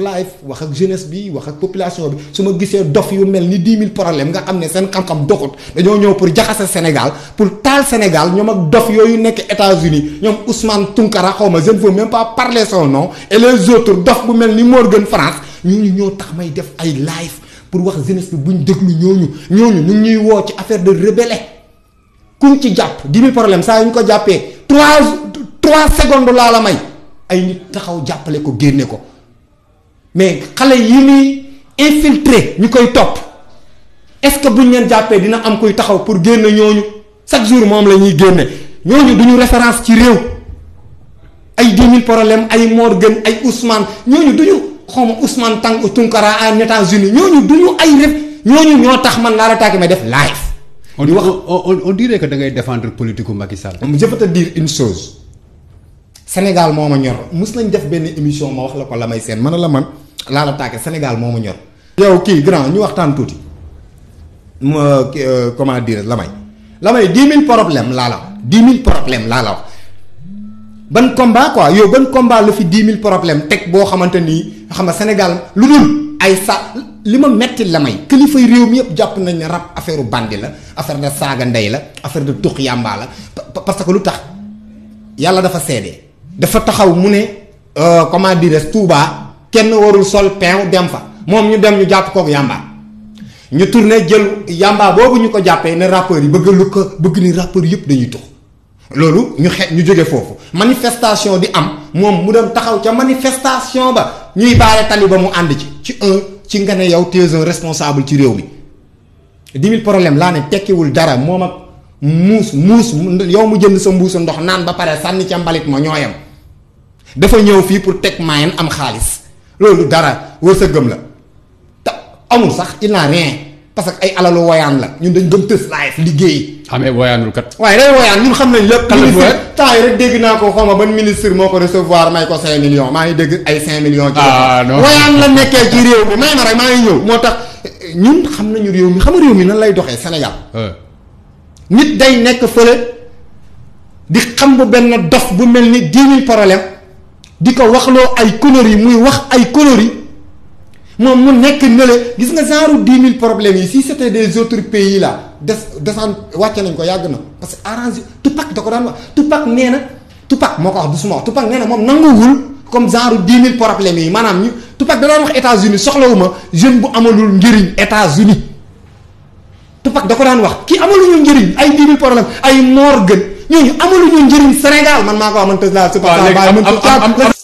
life wax ak jeunesse bi wax ak population bi su ma gisee dof yu mel ni 10 mille problème nga xam ne seen xam-xam doxut dañoo ñëw pour jaxase Sénégal pour taal Sénégal ñoom ak dof yooyu nekk États-Unis ñoom Ousmane Tounkara xaw ma je ne veux même pas parler son nom et les autres dof bu mel ni Morgan France ñooñu ñoo tax may def ay live pour wax jeunesse bi buñ déglu ñooñu ñooñu ñu ngi ñuy woo ci affaire de rebelle kuñ ci jàpp 10 000 problème saa yu ñu ko jàppee 3 3 secondes laa la may ay taxaw jàppale ko génne ko. mais quand yi infiltré ñukoy top top. est-ce que buñ ñen jappé dina am koy taxaw pour ñooñu chaque jour mom lañuy ñuy ñooñu duñu référence ci réew ay problèmes ay Morgan ay Ousmane ñooñu duñu Ousmane Tunkara en États-Unis ñooñu duñu ay ñooñu ñoo def live. on on dirait que da ngay défendre politique je peux te dire une chose. Sénégal moma ñor mus nañ def émission ma wax la ko lamay sen la man la Sénégal moma ñor. yow grand ñu waxtan touti euh, comment dire lamay lamay y a problèmes problème 10 la la ban combat quoi yow ban combat fi Sénégal lu dul ay sa lima metti la may mi japp nañ affaire bandi la affaire de ndey la affaire de parce que dafa dafa taxaw mu ne euh, comment dirais-je Touba kenn warul sol pain dem fa moom ñu dem ñu jàpp kook yàmba ñu tourné jël yàmba boobu ñu ko jàppee ne rappeurs yi bëgg lu ko bëgg ni rappeurs yëpp dañuy tux loolu ñu xe ñu jóge foofu manifestation di am moom mu dem taxaw ca manifestation ba ñuy baare tali mu ànd ci ci un ci nga ne yow t'es responsable ci réew mi dix mille problème laa ne tekkiwul dara moom ak muus muus yow mu jënd sa mbuusu ndox naan ba pare sànni ca mbalit ma ñooyam dafa ñëw fii pour teg moyen am xaalis loolu dara wërsëgam la te amul sax il n'a rien parce que ay alalu woyaan la ñun dañ gëm tës life liggéey. xamee woyaanul kat. waaye day woyaan ñun xam nañ lépp. kan temps yi dégg naa ko xaw ma ban ministre moo ko recevoir may ko 5 millions maa ngi dégg ay 5 millions. ah non woyaan la nekkee ci réew mi may ma rek maa ngi ñëw moo tax ñun xam nañu réew mi xam réew mi nan lay doxee Sénégal. nit day nekk fële di xam bu benn dof bu mel ni 10 problème di ko waxloo ay conneries muy wax ay conneries moom mu nekk nële gis nga genre dix mille problèmes yi si c'était des autres pays là des descend wàcce nañ ko yàgg na parce que arrange Tupac da ko daan wax Tupac nee na Tupac moo ko wax du suma wax Tupac nee na moom nanguwul comme genre dix mille problèmes yi maanaam ñu Tupac da doon wax États-Unis soxlawuma jeune bu amalul njëriñ États-Unis Tupac da ko daan wax ki ñu njëriñ ay dix mille problèmes ay morgue ñooñu amaluñu njëriñ Sénégal man maa ko amal président. waaw léegi am am am